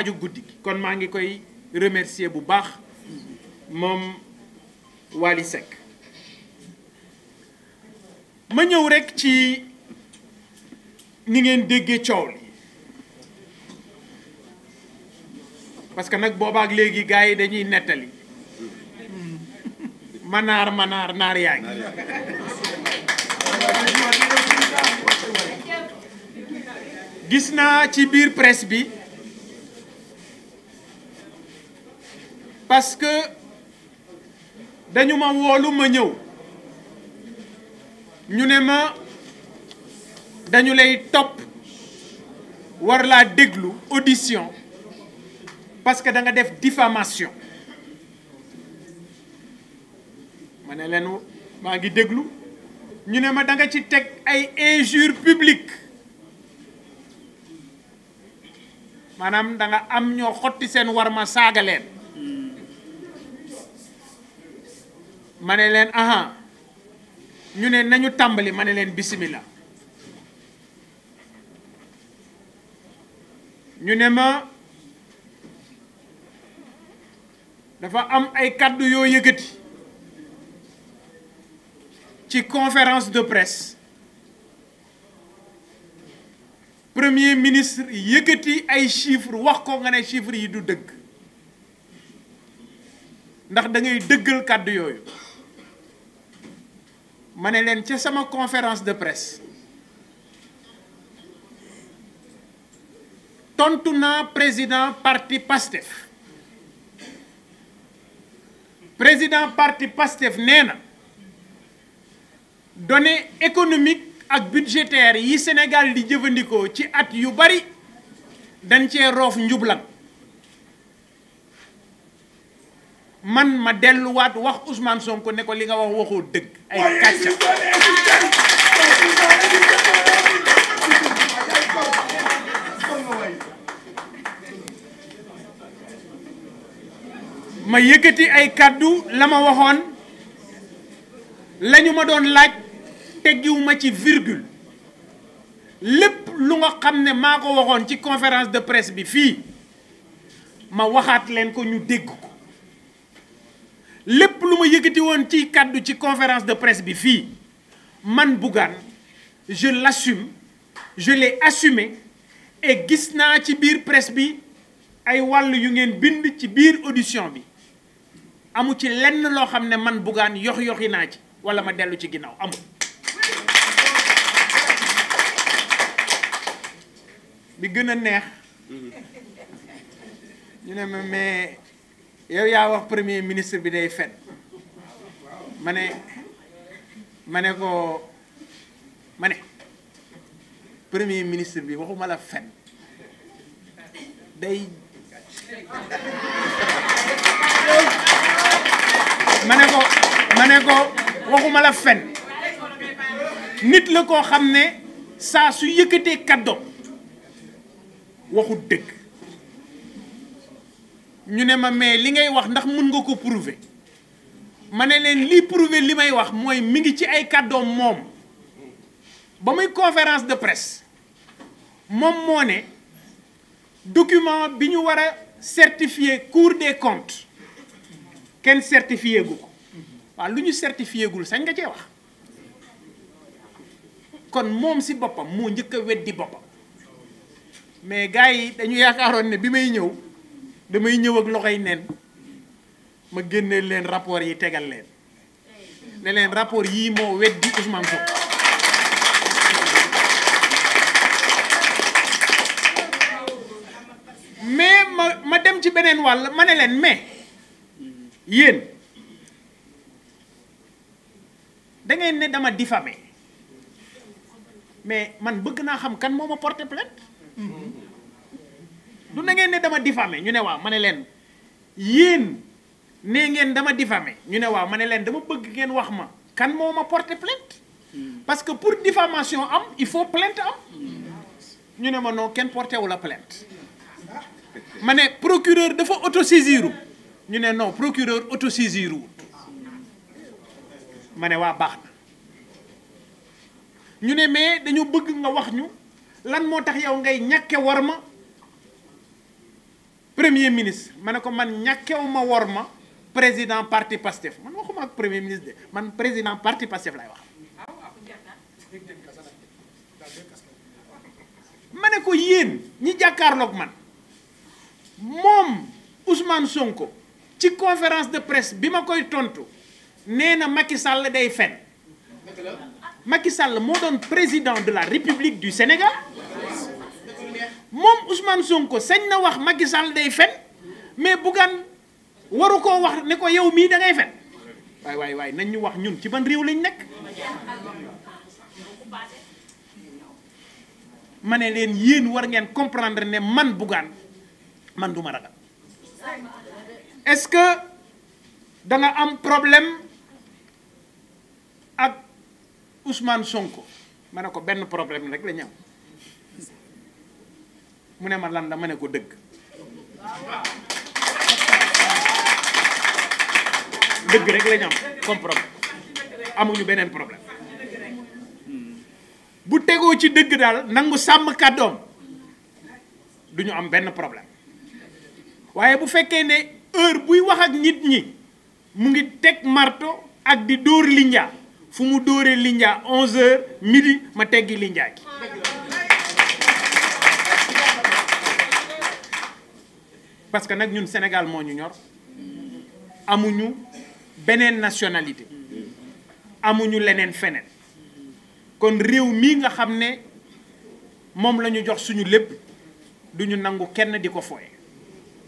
aju guddi gi kon maa ngi koy remercier bu baax moom Wally Seck ma ñëw rekk ci ni ngeen déggee coow li parce que nag boobaak léegi gars yi dañuy nettali manaar manaar naar yaa ngi gis naa ci biir presse bi parce que dañu ma woolu ma ñëw ñu ne ma dañu lay topp war laa déglu audition parce que da nga def diffamation ma ne leen maa ngi déglu ñu ne ma da nga ci teg ay injure publique maanaam danga nga am ñoo xotti seen war ma saaga leen ma ne leen aha ñu ne nañu tàmbali ma ne leen bismillah ñu ne ma dafa am ay kàddu yoo yëkkati ci conférence de presse premier ministre yëkkati ay chiffres wax ko nga ne chiffres yi du dëgg ndax dangay ngay dëggal kàddu yooyu ma ne leen ca sama conférence de presse tontu naa président parti PASTEF président parti PASTEF nee na données économiques ak budgétaires yi Sénégal di jëfandikoo ci at yu bari dañ cee roof njublan man ma delluwaat wax Ousmane Sonko ne ko li nga wax waxoo dëgg ay kàcca ma yëkkati ay kàddu la ma waxoon lañu ma doon laaj teggiwu ma ci virgule lépp lu nga xam ne maa ko waxoon ci conférence de presse bi fii ma waxaat leen ko ñu dégg ko lépp lu ma yëkkati woon ci kàddu ci conférence de presse bi fii man Bougane je l'assume je l'ai assumé et gis naa ci biir presse bi ay wàll yu ngeen bind ci biir audition bi amu ci lenn loo xam ne man Bougane yox-yoxi naa ci wala ma dellu ci ginnaaw amul bi gën a neex ñu ne ma mais yow yaa wax premier ministre bi day fen ma ne ma ne ko ma ne premier ministre bi waxuma la fen day ma ne ko ma ne ko waxuma la fen nit la koo xam ne saa su yëkkatee kaddo waxut dëgg ñu ne ma mais li ngay wax ndax mun nga ko prouver ma ne leen lii prouver li may wax mooy mi ngi ci ay kàddoom moom ba muy conférence de presse moom moo ne document bi ñu war a certifier Cour des comptes kenn certifié gu ko waaw lu ñu certifié gul sañ nga cee wax kon moom si boppam moo njëkk a weddi boppam mais gars yi dañu yaakaaroon ne bi may ñëw. damay ñëw loxo yi neen ma génnee leen rapport yi tegal leen ne leen rapport yii moo weddi Ousmane Sonko mais ma ma dem ci beneen wàll ma ne leen mais yéen da ngeen ne dama diffamé mais man bëgg naa xam kan moo ma porté plainte du na ngeen ne dama diffamé ñu ne waaw ma ne leen yéen nee ngeen dama diffamé ñu ne waaw ma ne leen dama bëgg ngeen wax ma kan moo ma porté plainte parce que pour diffamation am il faut plainte am ñu ne ma non kenn porté wu la ma ne procureur dafa autosaisir ñu ne non procureur autosaisir ma ne waa baax ñu ne mais dañu bëgg nga wax ñu lan moo tax yow ngay ñàkke war ma premier ministre ma ne ko man ñàkkew ma wor ma président parti pastef man waxuma ak premier ministre man président parti pastef laay wax ma ne ko yéen ñi jàkkaarloog man moom Ousmane Sonko ci conférence de presse bi ma koy tontu nee na Macky Sall day fen Macky Sall moo doon président de la République du Sénégal moom Ousmane Sonko sañ na wax Macky Sall day fen mais Bougane waru koo wax ni ko yow mii da ngay fen waaye waaye nañ ñu wax ñun ci ban réew lañ nekk ma ne leen yéen war ngeen comprendre ne man Bougane man du ma ragal est-ce que danga am problème ak Ousmane Sonko ma ne ko benn problème rek lañ ñu am mu ne ma lan la ma ne ko dëgg dëgg rek la am comme problème amuñu beneen problème bu tegoo ci dëgg daal nangu sàmm kàddoom du ñu am benn problème waaye bu fekkee ne heure buy wax ak nit ñi mu ngi teg marto ak di dóor linjaa fu mu dóoree linjaa 11 heures midi ma teggi linjaa gi parce que nag ñun Sénégal moo ñu ñor amuñu beneen nationalité amuñu leneen feneen kon réew mii nga xam ne moom la ñu jox suñu lépp duñu nangu kenn di ko fooye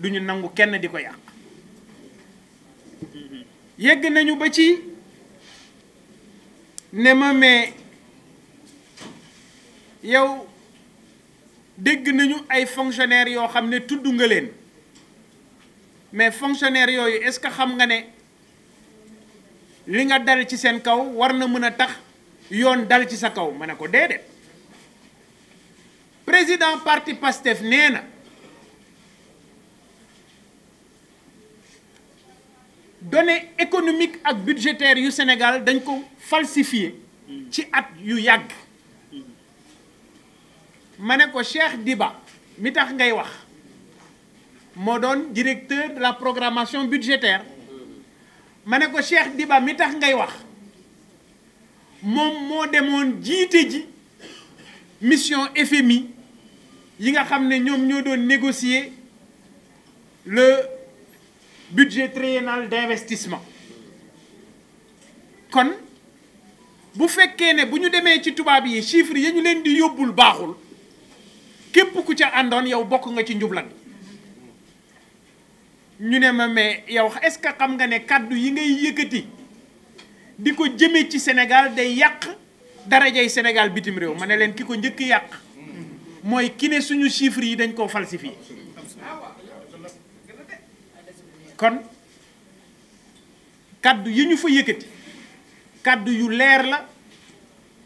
duñu nangu kenn di ko yàq yegg nañu ba ci ne ma mais yow dégg nañu ay fonctionnaires yoo xam ne tudd nga leen mais fonctionnaire yooyu est-ce que xam nga ne li nga dal ci seen kaw war na mën a tax yoon dal ci sa kaw ma ne ko déedéet président parti PASTEF nee na données économiques ak budgétaires yu Sénégal dañ ko falsifié ci at yu yàgg ma ne ko Cheikh Diba mi tax ngay wax moo doon directeur de la programmation budgétaire ma ne ko Cheikh Diba mi tax ngay wax moom moo demoon jiite ji mission FMI yi nga xam ne ñoom ñoo doon négocier le budget triennal d'investissement kon bu fekkee ne bu ñu demee ci tubaab yi chiffres ya ñu leen di yóbbul baaxul képp ku ca àndoon yow bokk nga ci njublan ñu ne ma mais yow est-ce que xam nga ne kàddu yi ngay yëkkati bi ko jëmee ci Sénégal day yàq darajay Sénégal bitim réew ma leen ki ko njëkk yàq mooy ki ne suñu chiffres yi dañ koo falsifié kon kàddu yi ñu fa yëkkati kàddu yu leer la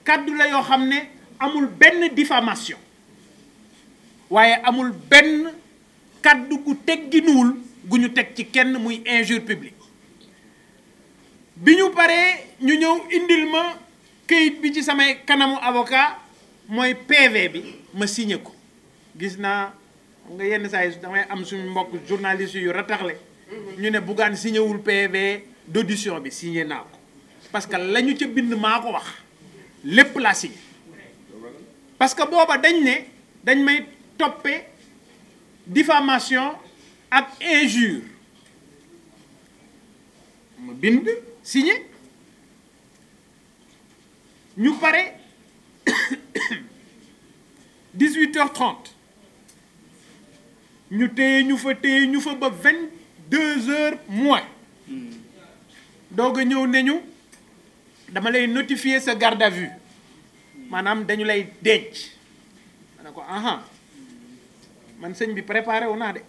kàddu la yoo xam ne amul benn diffamation waaye amul benn kàddu gu tegginuwul gu ñu teg ci kenn muy injure publique bi ñu paree ñu ñëw indil ma këyit bi ci samay kanamu avocat mooy PV bi ma signé ko gis naa xam nga yenn saa yi damay am suñu mbokk journaliste yu rataxle ñu ne Bougane signé wul PV d'audition bi signé naa ko parce que la ñu ca bind maa ko wax lépp laa signé parce que booba dañ ne dañ may toppe diffamation ak injure mu bind signé ñu pare 18h30 ñu téye ñu fa téye ñu fa ba 22 heures moins hmm. doog a ñëw ne ñu dama lay notifier sa garde à vue maanaam dañu lay denc ma ne ko aha man sëñ bi préparé wu naa de.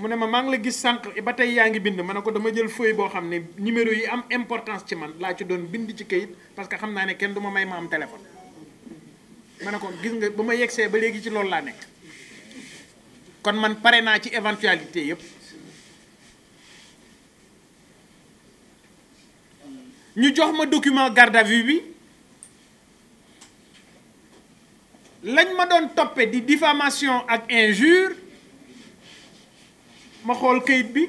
mu ne ma maa ngi la gis sànq ba tey yaa ngi bind man ne ko dama jël feuille boo xam ne numéro yi am importance ci man laa ci doon bind ci kayit parce que xam naa ne kenn du ma may ma am téléphone. ma ne ko gis nga ba ma yegsee ba léegi ci loolu laa nekk kon man pare naa ci éventualité yëpp ñu jox ma document garde à bi. lañ ma doon toppe di diffamation ak injure ma xool kayit bi